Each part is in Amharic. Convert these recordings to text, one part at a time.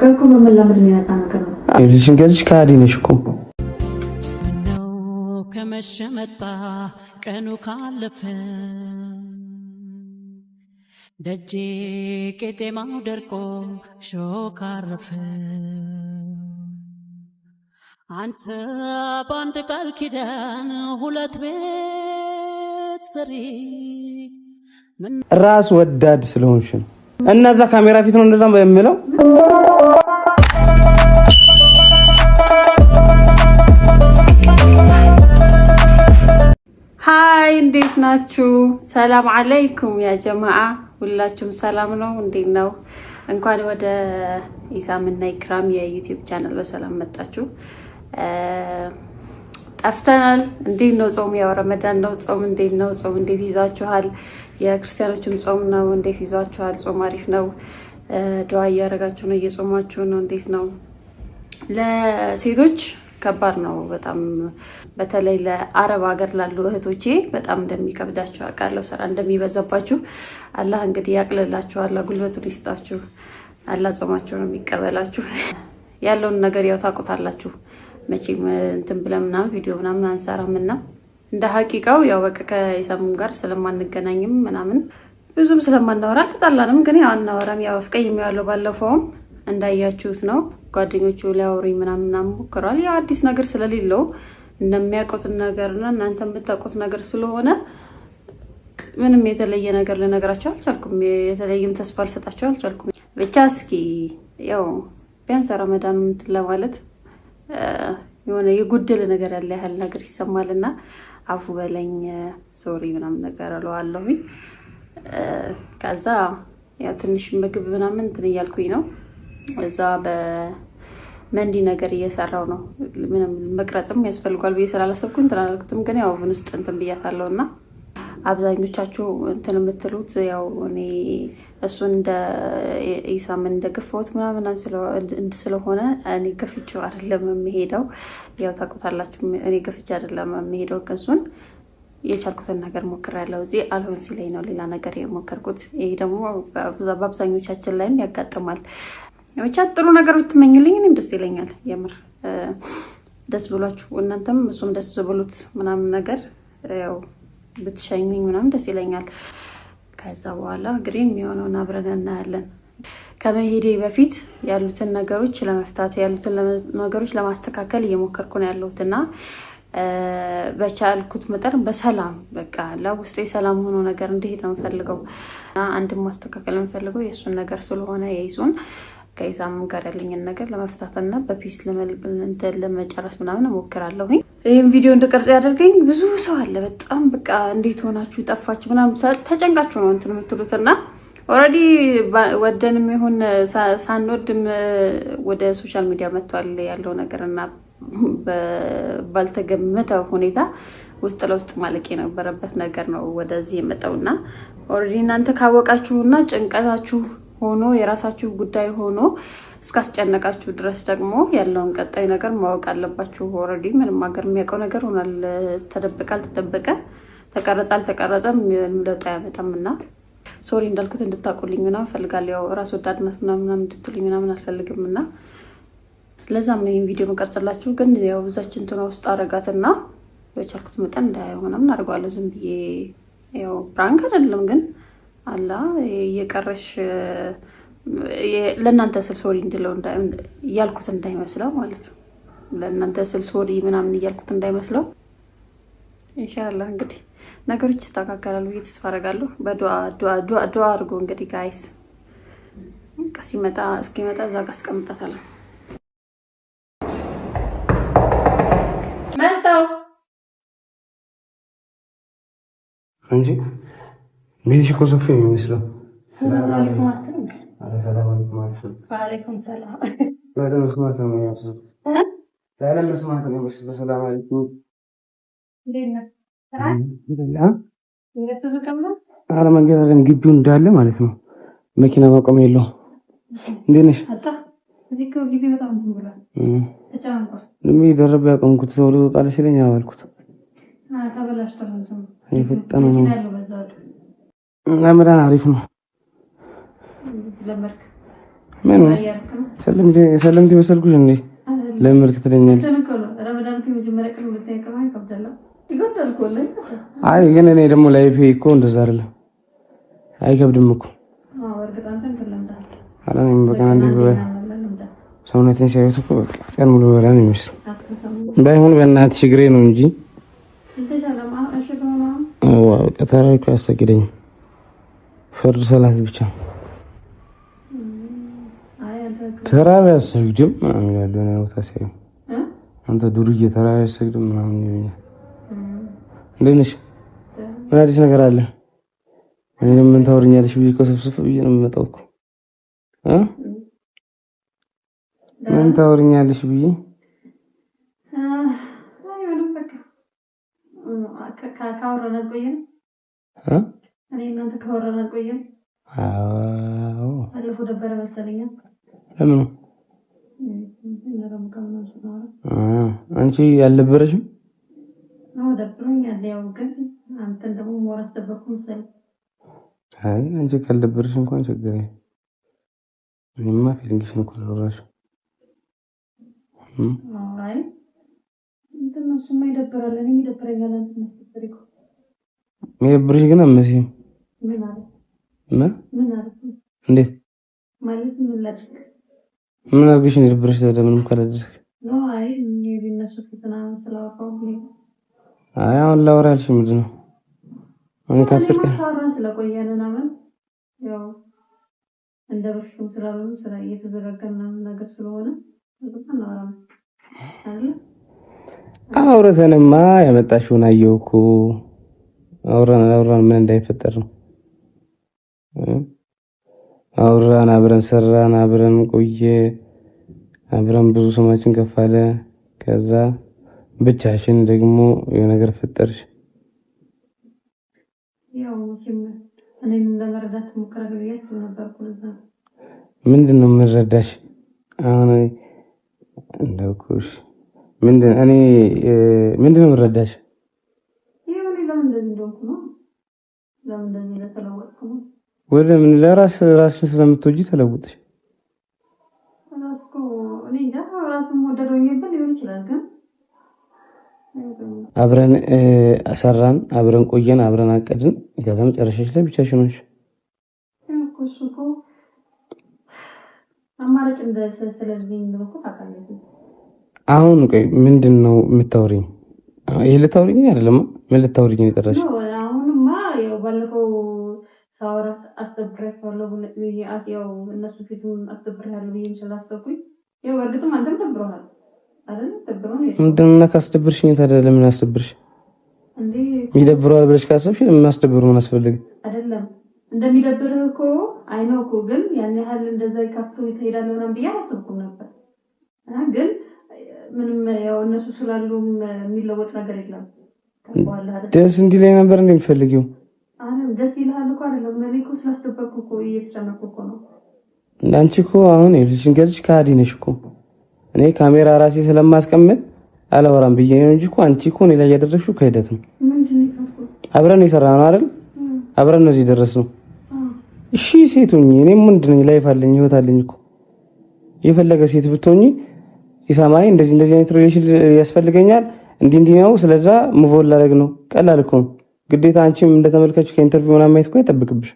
ፍቅር እኮ መመላመድ የሚመጣ ነገር ነው። ልጅን ከሃዲ ነሽ እኮ ቀኑ ካለፈ ደጄ ቄጤማው ደርቆ ሾክ አረፈ። አንተ በአንድ ቃል ኪዳን ሁለት ቤት ስሪ ራስ ወዳድ ስለሆንሽ ነው። እነዛ ካሜራ ፊት ነው እንደዛ የምለው ሀይ እንዴት ናችሁ? ሰላም አለይኩም ያ ጀማአ ሁላችሁም ሰላም ነው? እንዴት ነው? እንኳን ወደ ኢሳም እና ኢክራም የዩቲዩብ ቻናል በሰላም መጣችሁ። ጠፍተናል። እንዴት ነው ጾም? ያው ረመዳን ነው ጾም። እንዴት ነው ጾም? እንዴት ይዟችኋል? የክርስቲያኖችም ጾም ነው። እንዴት ይዟችኋል? ጾም አሪፍ ነው። ድዋ እያደረጋችሁ ነው? እየጾማችሁ ነው? እንዴት ነው? ለሴቶች ከባድ ነው በጣም በተለይ ለአረብ ሀገር ላሉ እህቶቼ በጣም እንደሚከብዳችሁ አውቃለሁ። ስራ እንደሚበዛባችሁ። አላህ እንግዲህ ያቅልላችሁ፣ አላህ ጉልበቱን ይስጣችሁ፣ አላህ ጾማችሁ ነው የሚቀበላችሁ። ያለውን ነገር ያው ታውቁታላችሁ። መቼም እንትን ብለን ምናምን ቪዲዮ ምናምን አንሰራም እና እንደ ሀቂቃው ያው በቃ ከኢሳሙም ጋር ስለማንገናኝም ምናምን ብዙም ስለማናወራ አልተጣላንም፣ ግን ያው አናወራም። ያው አስቀይሜዋለሁ። ባለፈውም እንዳያችሁት ነው ጓደኞቹ ሊያወሩኝ ምናምን ምናምን ሞክረዋል። ያው አዲስ ነገር ስለሌለው እንደሚያውቁትን ነገርና እናንተ የምታውቁት ነገር ስለሆነ ምንም የተለየ ነገር ልነግራቸው አልቻልኩም። የተለየም ተስፋ ልሰጣቸው አልቻልኩም። ብቻ እስኪ ያው ቢያንስ ረመዳን እንትን ለማለት የሆነ የጎደለ ነገር ያለ ያህል ነገር ይሰማል እና አፉ በለኝ ሶሪ ምናምን ነገር እለዋለሁኝ። ከዛ ያው ትንሽ ምግብ ምናምን እንትን እያልኩኝ ነው እዛ በ መንዲ ነገር እየሰራው ነው። መቅረጽም ያስፈልጓል ብዬ ስላላሰብኩ እንትን አላልኩትም፣ ግን ያው ኦቨን ውስጥ እንትን ብያታለው እና አብዛኞቻችሁ እንትን የምትሉት ያው እኔ እሱን እንደ ኢሳምን እንደ ገፋሁት ምናምን ስለሆነ እኔ ገፍቼ አይደለም የምሄደው። ያው ታውቁታላችሁ፣ እኔ ገፍቼ አይደለም የምሄደው። እሱን የቻልኩትን ነገር ሞክር ያለው እዚህ አልሆን ሲለኝ ነው ሌላ ነገር የሞከርኩት። ይሄ ደግሞ በአብዛኞቻችን ላይም ያጋጥማል። ብቻ ጥሩ ነገር ብትመኙልኝ እኔም ደስ ይለኛል። የምር ደስ ብሏችሁ እናንተም እሱም ደስ ብሉት ምናምን ነገር ያው ብትሸኙኝ ምናምን ደስ ይለኛል። ከዛ በኋላ እንግዲህ የሚሆነውን አብረን እናያለን። ከመሄዴ በፊት ያሉትን ነገሮች ለመፍታት ያሉትን ነገሮች ለማስተካከል እየሞከርኩ ነው ያለሁት እና በቻልኩት መጠን በሰላም በቃ ለውስጥ የሰላም ሆኖ ነገር እንዲሄድ ነው የምፈልገው። አንድም ማስተካከል የምፈልገው የእሱን ነገር ስለሆነ የይዙን ከኢሳም ጋር ያለኝን ነገር ለመፍታትና በፒስ ለመጨረስ ምናምን ሞክራለሁ ይህም ቪዲዮ እንድቀርጽ ያደርገኝ ብዙ ሰው አለ። በጣም በቃ እንዴት ሆናችሁ ጠፋችሁ ምናምን ተጨንቃችሁ ነው እንትን የምትሉትና ኦልሬዲ ወደንም ይሁን ሳንወድም ወደ ሶሻል ሚዲያ መጥቷል ያለው ነገር እና ባልተገመተ ሁኔታ ውስጥ ለውስጥ ማለቅ የነበረበት ነገር ነው ወደዚህ የመጣውና ኦልሬዲ እናንተ ካወቃችሁና ጭንቀታችሁ ሆኖ የራሳችሁ ጉዳይ ሆኖ እስካስጨነቃችሁ ድረስ ደግሞ ያለውን ቀጣይ ነገር ማወቅ አለባችሁ። ኦልሬዲ ምንም ሀገር የሚያውቀው ነገር ሆኗል። ተደበቀ አልተጠበቀ፣ ተቀረጸ አልተቀረጸም ለውጥ አያመጣም እና ሶሪ እንዳልኩት እንድታውቁልኝ ምናምን እፈልጋለሁ። ያው ራስ ወዳድ መስ ምናምን እንድትሉኝ ምናምን አልፈልግም እና ለዛም ነው ይህን ቪዲዮ መቀርጽላችሁ። ግን ያው ብዛችን እንትና ውስጥ አረጋት አረጋትና የቻልኩት መጠን እንዳያየው ምናምን አድርገዋለሁ። ዝም ብዬ ያው ብራንክ አይደለም ግን አላ እየቀረሽ ለእናንተ ስል ሶሪ እንድለው እያልኩት እንዳይመስለው ማለት ነው። ለእናንተ ስል ሶሪ ምናምን እያልኩት እንዳይመስለው። እንሻላ እንግዲህ ነገሮች ይስተካከላሉ ብዬ ተስፋ አደርጋለሁ። በዱዓ አድርጎ እንግዲህ ጋይስ ሲመጣ እስኪመጣ እዛ ጋ አስቀምጣታለሁ። መጣው እንጂ ቤትሽ እኮ ሰፊ ነው የሚመስለው። ሰላም አለይኩም መንገድ ግቢው እንዳለ ማለት ነው። መኪና ማቆም የለውም። እንዴት ነሽ? ደረብ ያቆምኩት ሰው ልወጣለሽ ሲለኝ ነው ምራ አሪፍ ነው። ምን ሰለምቲ መሰልኩሽ እንዴ? ለመድክ ትለኛለሽ። አይ ግን እኔ ደግሞ ላይፌ እኮ እንደዛ አይደለም። አይከብድም እኮ ሰውነቴን ሲያዩት እኮ በቃ ቀን ሙሉ በላ ነው የሚመስለው። ባይሆን በእናትሽ እግሬ ነው እንጂ ተራ ያሰግደኝ ፈርድ ሰላት ብቻ ተራቢ አሰግድም ያለሆነ ቦታ ሲያ አንተ ዱርዬ ተራዊ አሰግድም ምናምን ይለኛል። እንዴት ነሽ? ምን አዲስ ነገር አለ? ምን ታወርኛለሽ ብዬ ከሰብሰብ ብዬ ነው የምመጣው እኮ ምን ታወርኛለሽ ብዬ እ እኔ እናንተ ከወረን አልቆየም። አዎ አለፈው ደበረ መሰለኝ። ለምን አንቺ አልነበረሽም? አዎ ደብሮኛል። ያው ግን አንተን ደግሞ ሞር አስደበርኩ መሰለኝ። አይ አንቺ ካልደበረሽ እንኳን ችግር የለም። እኔማ ፊልምሽን እኮ ነው እራሱ። አይ እንትን እሱማ ይደብራል። እኔም ይደብረኛል። አንተ መስደብሪኩ ይደብርሽ ግን አመሲም እንዴት ማለት ምን ላድርግ? ምን አድርገሽ ነው የደበረሽ? ታዲያ ምንም አይ አሁን ላወራ ያልሽኝ ምንድን ነው? እኔ ከአስር ቀን ያው እንደ በፊቱ ስላልሆነ ስራ እየተዘጋጋ ምናምን ነገር ስለሆነ አውርተንማ ያመጣሽውን አየሁ እኮ አውራን አውራን ምን እንዳይፈጠር ነው አውራን አብረን ሰራን አብረን ቆየ አብረን ብዙ ሰማችን ከፋለ ከዛ ብቻሽን ደግሞ የሆነ ነገር ፈጠርሽ። ምንድን ነው የምንረዳሽ? አሁን እንደኩሽ ምንድን እኔ ምንድን ነው የምንረዳሽ? ወደ ምን ለራስ ራስ ስለምትወጂ ተለውጥሽ አብረን ሰራን፣ አብረን ቆየን፣ አብረን አቀድን። ከዛ መጨረሻች ላይ ብቻ ሽኖች አሁን ቆይ ምንድን ነው የምታወሪኝ? ይህ ልታወሪኝ አይደለም። ምን ልታወሪኝ አስደንቅ ብዬ ያው እነሱ ፊቱን አስደብርሃለሁ ብዬ ስላሰብኩኝ ያው በእርግጥም አንተም ደብረሃል አይደል? ደብረው ነው እንደና ካስደብርሽኝ ታዲያ ለምን አስደብርሽ እንዴ? ይደብረዋል ብለሽ ካሰብሽ ለምን አስደብር ምን አስፈልግ አይደለም። እንደሚደብርህ እኮ አይነው እኮ ግን ያን ያህል እንደዛ ይካፍቱ ይሄዳል ምናምን ብዬ አላሰብኩም ነበር። ግን ምንም ያው እነሱ ስላሉ የሚለወጥ ነገር የለም። ደስ እንዲህ ላይ ነበር እንደሚፈልጊው ደስ ይልሃል እኮ አይደለም። እኔ እኮ ስላስደበቅኩ እኮ እየተጨነቅኩ እኮ ነው። እንዳንቺ እኮ አሁን ይልሽን ገርሽ ከሃዲ ነሽ እኮ። እኔ ካሜራ ራሴ ስለማስቀምጥ አላወራም ብዬ ነው እንጂ እኮ አንቺ እኮ እኔ ላይ ያደረግሽው ክህደት ነው። አብረን የሰራነው አይደል? አብረን ነው እዚህ ደረስነው። እሺ ሴት ሆኜ እኔም ወንድ ነኝ፣ ላይፍ አለኝ፣ ህይወት አለኝ እኮ የፈለገ ሴት ብትሆኚ ይሰማኝ እንደዚህ እንደዚህ አይነት ሪሌሽን ያስፈልገኛል እንዲህ እንዲህ ነው፣ ስለዛ ሙቮን ላደርግ ነው። ቀላል እኮ ነው። ግዴታ አንቺም እንደተመልካች ከኢንተርቪው ምናምን ማየት እኮ አይጠብቅብሽ።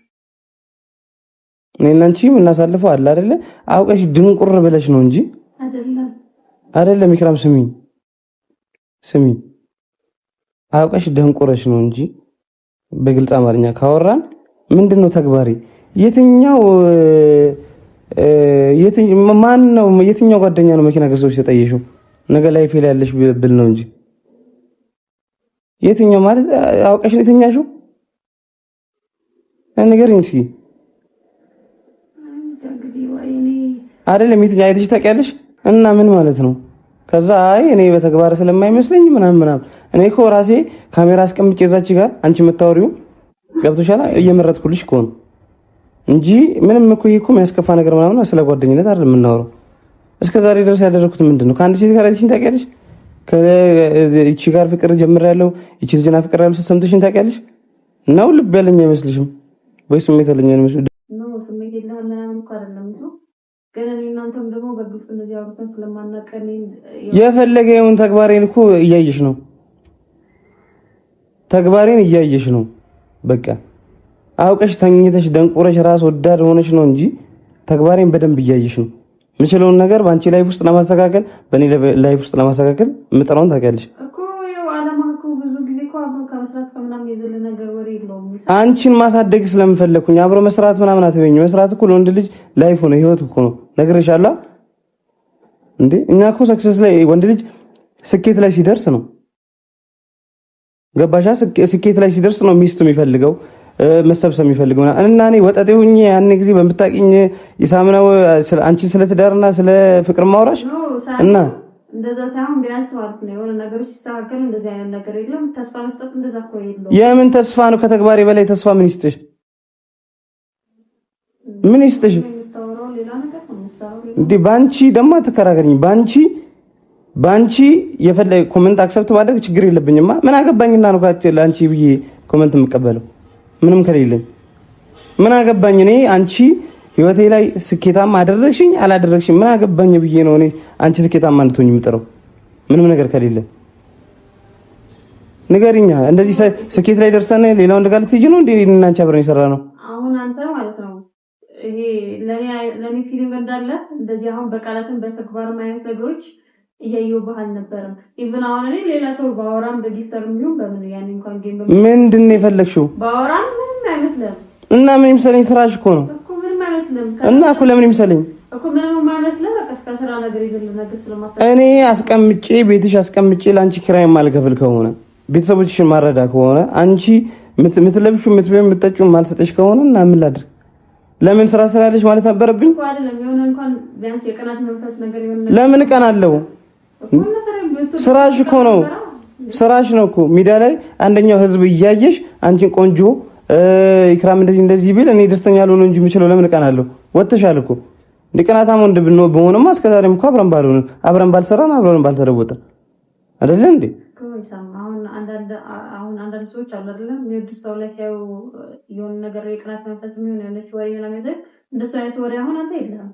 እኔና አንቺም እናሳልፈው የምናሳልፈው አለ አይደለ? አውቀሽ ድንቁር ብለሽ ነው እንጂ አይደለም። ኢክራም ስሚ ስሚ፣ አውቀሽ ደንቁረሽ ነው እንጂ በግልጽ አማርኛ ካወራን ምንድን ነው ተግባሬ? የትኛው የትኛው ማን ነው የትኛው ጓደኛ ነው መኪና ገዝቶሽ ተጠየሽው? ነገ ላይ ፌል ያለሽ ብል ነው እንጂ የትኛው ማለት አውቀሽ ነው የተኛሽው? ነገር እስኪ። አይደለም የትኛው አይተሽ ታውቂያለሽ? እና ምን ማለት ነው? ከዛ አይ እኔ በተግባር ስለማይመስለኝ ምናምን ምናምን። እኔ እኮ ራሴ ካሜራ አስቀምጬ እዛች ጋር አንቺ የምታወሪው ገብቶሻል። እየመረጥኩልሽ እኮ ነው እንጂ ምንም እኮ ይሄ እኮ የሚያስከፋ ነገር ምናምን ስለ ጓደኝነት አይደለም የምናወራው። ድረስ ያደረኩት ምንድን ነው? ከአንድ ሴት ጋር አይተሽኝ ታውቂያለሽ? ከእቺ ጋር ፍቅር ጀምሬያለሁ እቺ ልጅና ፍቅር ያለው ስትሰምተሽን ታውቂያለሽ። ነው ልብ ያለኝ አይመስልሽም ወይ? ስሜት ያለኝ አይመስልሽም? ስሜት የለህም ምናምን እኮ አይደለም እሱ ግን እኔ እናንተም ደግሞ በግልጽ እንደዚህ አውርተን ስለማናውቅ የፈለገውን ተግባሬን እኮ እያየሽ ነው። ተግባሬን እያየሽ ነው። በቃ አውቀሽ ተኝተሽ ደንቁረሽ ራስ ወዳድ ሆነሽ ነው እንጂ ተግባሬን በደንብ እያየሽ ነው። የምችለውን ነገር በአንቺ ላይፍ ውስጥ ለማስተካከል በእኔ ላይፍ ውስጥ ለማስተካከል የምጥረውን ታውቂያለሽ። አንቺን ማሳደግ ስለምፈለግኩኝ አብሮ መስራት ምናምን አትበኝ። መስራት እኮ ለወንድ ልጅ ላይፍ ነው፣ ህይወት እኮ ነው። ነግሬሻለሁ እንዴ እኛ እኮ ሰክሰስ ላይ ወንድ ልጅ ስኬት ላይ ሲደርስ ነው። ገባሻ? ስኬት ላይ ሲደርስ ነው ሚስቱ የሚፈልገው መሰብሰብ የሚፈልገው እና እኔ ወጠጤ ሁኜ ያን ጊዜ በምታውቂኝ ይሳምነው አንቺን ስለ ትዳርና ስለ ፍቅር ማውራሽ እና እንደዛ ሳይሆን ቢያስባት ነው የሆነ ነገሮች ሲስተካከሉ እንደዚህ አይነት ነገር የለም። ተስፋ መስጠት እንደዛ እኮ የለም። የምን ተስፋ ነው? ከተግባሬ በላይ ተስፋ ምን ይስጥሽ? ምን ይስጥሽ? እንዴ ባንቺ ደግሞ አትከራከሪኝ። ባንቺ ባንቺ የፈለ ኮመንት አክሰፕት ማድረግ ችግር የለብኝማ። ምን አገባኝና ነው ካቸ ለአንቺ ብዬ ኮመንት የምቀበለው? ምንም ከሌለኝ ምን አገባኝ? እኔ አንቺ ህይወቴ ላይ ስኬታማ አደረግሽኝ አላደረግሽኝ ምን አገባኝ ብዬ ነው እኔ አንቺ ስኬታማ እንድትሆኝ የምጥረው ምንም ነገር ከሌለ ንገሪኛ። እንደዚህ ስኬት ላይ ደርሰን ሌላ ወንድ ጋር ልትሄጂ ነው እንዴ? እና አንቺ አብረን የሰራ ነው። አሁን አንተ ማለት ነው ይሄ ለኔ ለኔ ፊልም እንዳለ እንደዚህ አሁን በቃላትም በተግባርም አይነት ነገሮች እያየሁ ባህል ነበረም ኢቭን አሁን እኔ ሌላ ሰው ባወራም በጊፍተር የሚሆን በምን ያኔ እንኳን ጌም ምንድን ነው የፈለግሽው? ባወራም ምንም አይመስልም እና ምን ይምሰለኝ ስራሽ እኮ ነው እኮ ምንም አይመስልም እና እኮ ለምን ይምሰለኝ እኮ ምንም አይመስልም። በቃ እስከ ስራ ነገር ይዘልን ነገር ስለማታ እኔ አስቀምጬ ቤትሽ አስቀምጬ ለአንቺ ኪራይ የማልከፍል ከሆነ ቤተሰቦችሽን ማረዳ ከሆነ አንቺ ምትለብሹ ምትበ ምትጠጩ ማልሰጠሽ ከሆነ እና ምን ላድርግ? ለምን ስራ ስራ ያለሽ ማለት ነበረብኝ። ለምን እቀናለሁ? ስራሽ እኮ ነው ስራሽ ነው እኮ ሚዲያ ላይ አንደኛው ህዝብ እያየሽ አንቺን ቆንጆ ኢክራም እንደዚህ እንደዚህ ቢል እኔ ደስተኛ ልሆን እንጂ የምችለው ለምን እቀናለሁ? ወጥተሻል እኮ እንዲቀናታም ወንድ ብንሆን በሆነማ እስከዛሬም እኮ አብረን ባልሆንን አብረን ባልሰራን አብረን ባልተለወጠን አይደለ እንዴ? አሁን አንዳንድ ሰዎች አሉ አይደለም የወዱት ሰው ላይ ሲያዩ የሆነ ነገር የቅናት መንፈስ የሚሆን ያለች ወሬ ምናምን እንደሱ አይነት ወሬ አሁን አንተ የለም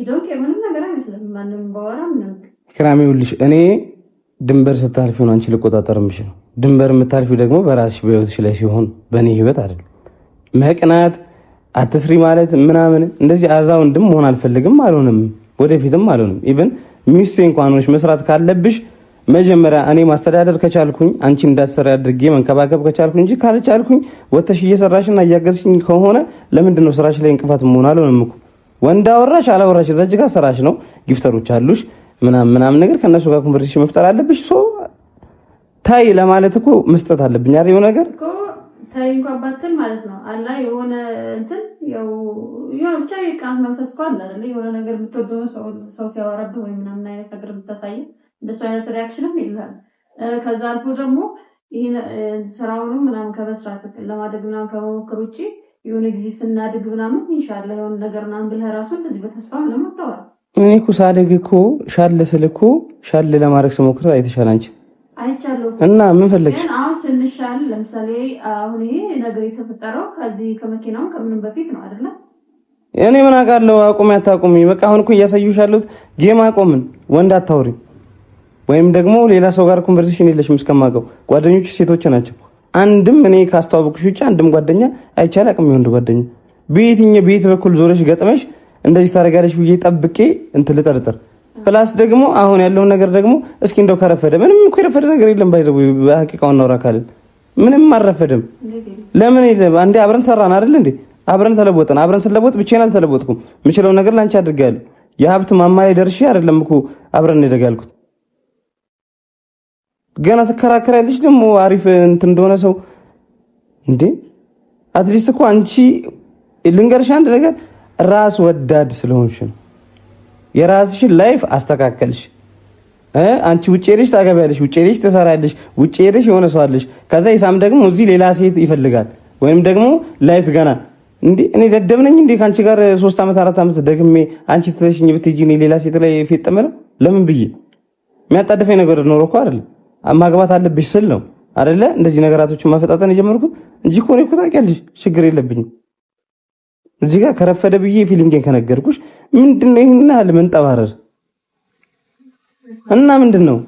ይደውቅ ምንም ነገር አይመስልም ማንም ባወራ ምንም ክራሚ ውልሽ እኔ ድንበር ስታልፊ ሆን አንቺ ልቆጣጠር ምሽ ነው። ድንበር የምታልፊ ደግሞ በራስሽ በህይወትሽ ላይ ሲሆን በእኔ ህይወት አይደለም። መቅናት አትስሪ ማለት ምናምን እንደዚህ አዛውንድም መሆን አልፈልግም፣ አልሆንም፣ ወደፊትም አልሆንም። ኢቨን ሚስቴ እንኳን ሆነሽ መስራት ካለብሽ መጀመሪያ እኔ ማስተዳደር ከቻልኩኝ አንቺ እንዳትሰራ አድርጌ መንከባከብ ከቻልኩኝ እንጂ ካልቻልኩኝ ወተሽ እየሰራሽና እያገዝሽኝ ከሆነ ለምንድን ነው ስራሽ ላይ እንቅፋት መሆን? አልሆንም እኮ ወንድ አወራሽ አላወራሽ እዛ ጋ ስራሽ ነው። ጊፍተሮች አሉሽ ምናምን ምናምን ነገር ከእነሱ ጋር ኮንቨርሴሽን መፍጠር አለብሽ። ሶ ታይ ለማለት እኮ መስጠት አለብኝ አይደል? የሆነ ነገር ታይ እንኳን ባትል ማለት ነው አላ የሆነ እንትን ያው ያው ብቻ የቃል መንፈስ እኮ አለ አይደል? የሆነ ነገር የምትወደው ሰው ሰው ሲያወራብህ ወይ ምናምን አይነት ነገር የምታሳየው እንደሱ አይነት ሪያክሽንም ይላል። ከዛ አልፎ ደግሞ ይሄን ስራውንም ምናምን ከመስራት ለማደግ ምናምን ከመሞከር ውጪ የሆነ ጊዜ ስናድግ ምናምን ኢንሻአላህ የሆነ ነገር ምናምን ብለህ ራሱ እንደዚህ በተስፋ ምናምን አታወራም እኔ እኮ ሳደግ እኮ ሻል ስል እኮ ሻል ለማድረግ ስሞክር አይተሻል አንቺ እና ምን ፈለግሽ? አሁን ስንሻል ለምሳሌ አሁን ይሄ ነገር የተፈጠረው ከዚህ ከመኪናው ከምንም በፊት ነው አይደለ? እኔ ምን አውቃለሁ። አቁሚ አታቁሚ በቃ አሁን እኮ እያሳዩሽ ያሉት ጌም አቆምን። ወንድ አታውሪ ወይም ደግሞ ሌላ ሰው ጋር ኮንቨርሴሽን የለሽም። እስከማውቀው ጓደኞች ሴቶች ናቸው። አንድም እኔ ካስተዋወቅሽ ውጭ አንድም ጓደኛ አይቻል አቅም የወንድ ጓደኛ በየትኛው ቤት በኩል ዞረሽ ገጥመሽ እንደዚህ ታደርጋለች ብዬ ጠብቄ እንትን ልጠርጥር። ፕላስ ደግሞ አሁን ያለውን ነገር ደግሞ እስኪ እንደው ከረፈደ ምንም እኮ የረፈደ ነገር የለም። ባይዘው በሐቂቃው እናውራ ካልን ምንም አረፈደም ለምን የለም አንዴ አብረን ሰራን አይደል እንዴ? አብረን ተለወጠን። አብረን ስለወጥ ብቻዬን አልተለወጥኩም። የምችለውን ነገር ላንቺ አድርጋለሁ። የሀብት ማማ ላይ ደርሼ አይደለም እኮ አብረን እንደጋልኩት። ገና ትከራከሪያለሽ ደግሞ አሪፍ እንትን እንደሆነ ሰው እንዴ። አትሊስት እኮ አንቺ ልንገርሽ አንድ ነገር ራስ ወዳድ ስለሆንሽ ነው። የራስሽን ላይፍ አስተካከልሽ። አንቺ ውጭ ሄደሽ ታገቢያለሽ፣ ውጭ ሄደሽ ትሰራለሽ፣ ውጭ ሄደሽ የሆነ ሰው አለሽ። ከዛ ኢሳም ደግሞ እዚህ ሌላ ሴት ይፈልጋል፣ ወይም ደግሞ ላይፍ ገና እንዴ እኔ ደደብ ነኝ እንዴ ከአንቺ ጋር ሶስት ዓመት አራት ዓመት ደግሜ አንቺ ትተሽኝ ብትሄጂ እኔ ሌላ ሴት ላይ ፌት ጥምለው ለምን ብዬ የሚያጣድፈኝ ነገር ኖሮ እኮ አይደለም ማግባት አለብሽ ስል ነው አይደለ እንደዚህ ነገራቶችን ማፈጣጠን የጀመርኩት እንጂ እኮ እኔ እኮ ታውቂያለሽ ችግር የለብኝም። እዚህ ጋር ከረፈደ ብዬ ፊሊንጌን ከነገርኩሽ ምንድን ነው ይሄን ያህል መንጠባረር እና ምንድን ነው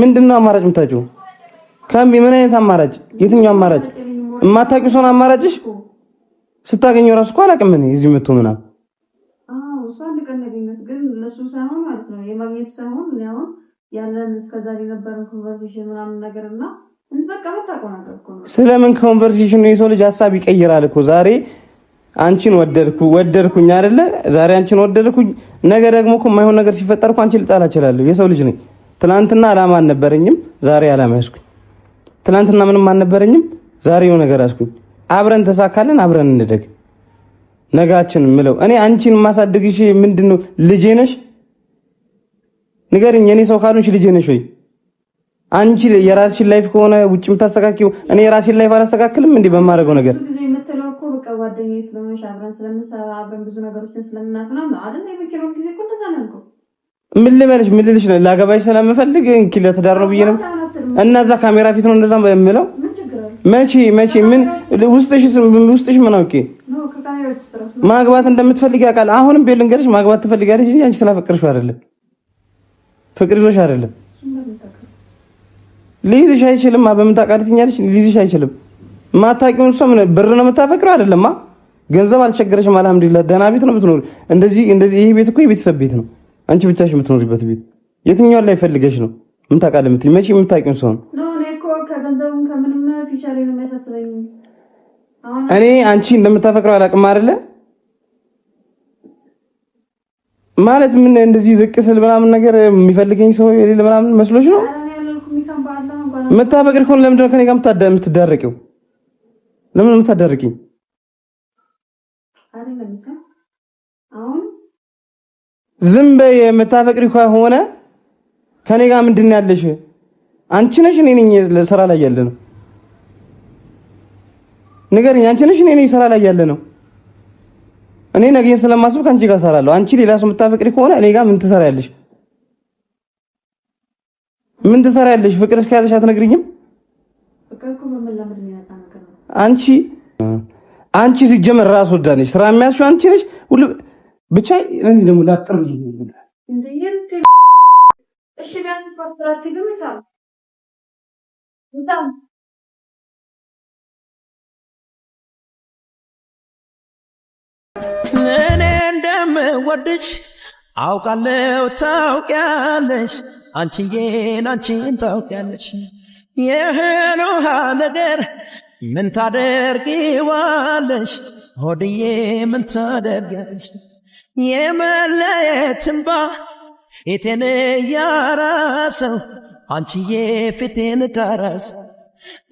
ምንድን ነው አማራጭ የምታጭው? ካምቢ ምን አይነት አማራጭ? የትኛው አማራጭ? የማታውቂው ሰውን አማራጭሽ ስታገኘው ራሱ እኮ አላውቅም እኔ እዚህ መጥቶ ምናምን አዎ ስለምን ኮንቨርሴሽን ነው? የሰው ልጅ ሀሳብ ይቀይራል እኮ ዛሬ አንቺን ወደድኩ ወደድኩኝ አይደለ? ዛሬ አንቺን ወደድኩኝ፣ ነገ ደግሞ እኮ የማይሆን ነገር ሲፈጠር እኮ አንቺን ልጣላ እችላለሁ። የሰው ልጅ ነኝ። ትናንትና አላማ አልነበረኝም፣ ዛሬ አላማ ያዝኩኝ። ትናንትና ምንም አልነበረኝም፣ ዛሬ የሆነ ነገር ያዝኩኝ። አብረን ተሳካለን፣ አብረን እንደግ። ነጋችን ምለው እኔ አንቺን ማሳደግሽ ምንድነው? ልጄ ነሽ? ንገርኝ። የኔ ሰው ካልሆንሽ ልጄ ነሽ ወይ? አንቺ የራስሽን ላይፍ ከሆነ ውጭ የምታስተካክዩ፣ እኔ የራስሽን ላይፍ አላስተካክልም እንዴ? በማደርገው ነገር ምን ልበልሽ? ምን ልልሽ ነው? ላገባሽ ስለምፈልግ እንኪ ለትዳር ነው ብዬ ነው እና እዛ ካሜራ ፊት ነው እንደዛ የምለው። መቼ መቼ ምን ውስጥሽ ምን አውቄ ማግባት እንደምትፈልግ ያውቃል። አሁንም ቤል ልንገርሽ፣ ማግባት ትፈልጋለሽ እንጂ አንቺ ስላፈቅርሽው አይደለም፣ ፍቅር ይዞሽ አይደለም ሊይዝሽ አይችልም። በምን ታውቃለች? ሊይዝሽ አይችልም። ማታቂውን ሰው ምን ብር ነው የምታፈቅረው? አይደለም ገንዘብ አልቸገረሽም። አልሐምዱሊላህ ደህና ቤት ነው የምትኖሪ። እንደዚህ እንደዚህ ይሄ ቤት እኮ የቤተሰብ ቤት ነው። አንቺ ብቻሽ የምትኖሪበት ቤት የትኛው ላይ ፈልገሽ ነው? ምን ታውቃለህ? የምትይ መቼ የምታውቂውን ሰው ነው? እኔ አንቺ እንደምታፈቅረው አላውቅም አይደለ ማለት ምን እንደዚህ ዝቅ ስል ምናምን ነገር የሚፈልገኝ ሰው የሌለ ምናምን መስሎሽ ነው? የምታፈቅሪ ከሆነ ለምንድን ነው ከኔ ጋር የምትዳረቂው? ለምን ነው የምታዳርቂኝ? ዝም በይ። የምታፈቅሪ ከሆነ ከኔ ጋር ምንድን ነው ያለሽ? አንቺ ነሽ እኔ ነኝ ስራ ላይ ያለ ነው? ንገሪኝ። አንቺ ነሽ እኔ ነኝ ስራ ላይ ያለ ነው? እኔ ነገ ስለማስብ ከአንቺ ጋር እሰራለሁ። አንቺ ሌላ ሰው የምታፈቅሪ ከሆነ እኔ ጋር ምን ያለሽ? ምን ትሰሪያለሽ? ፍቅር እስከያዘሽ አትነግሪኝም? አንቺ አንቺ ሲጀመር ራስ ወዳነሽ ስራ የሚያዝሽው አንቺ ነሽ። ሁሉ ብቻ እኔ ደግሞ ላጥር ልጅ እንዴ? እሺ ቢያንስ እኔ እንደምወድሽ አውቃለሁ ታውቂያለሽ አንቺዬን አንቺን ታውቂያለሽ ይህን ውሃ ነገር ምን ታደርጊዋለሽ ሆድዬ ምን ታደርጊያለሽ የመለየት እንባ ፊቴን እያራሰው አንቺዬ ፊቴን ካራሰው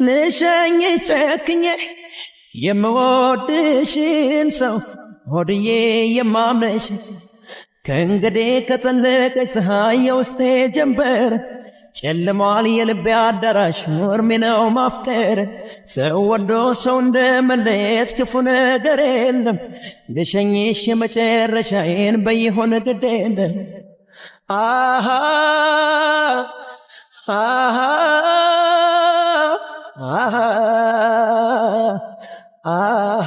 ልሸኝ ጨክኜ የምወድሽን ሰው ሆድዬ የማምነሽ ከእንግዲህ ከጠለቀች ፀሐይ የውስጤ ጀንበር ጨልሟል የልቤ አዳራሽ ሙርሚ ነው ማፍቀር ሰው ወዶ ሰው እንደ መለየት ክፉ ነገር የለም ልሸኝሽ የመጨረሻዬን በይሆን ግድ የለም አሃ አሃ አሃ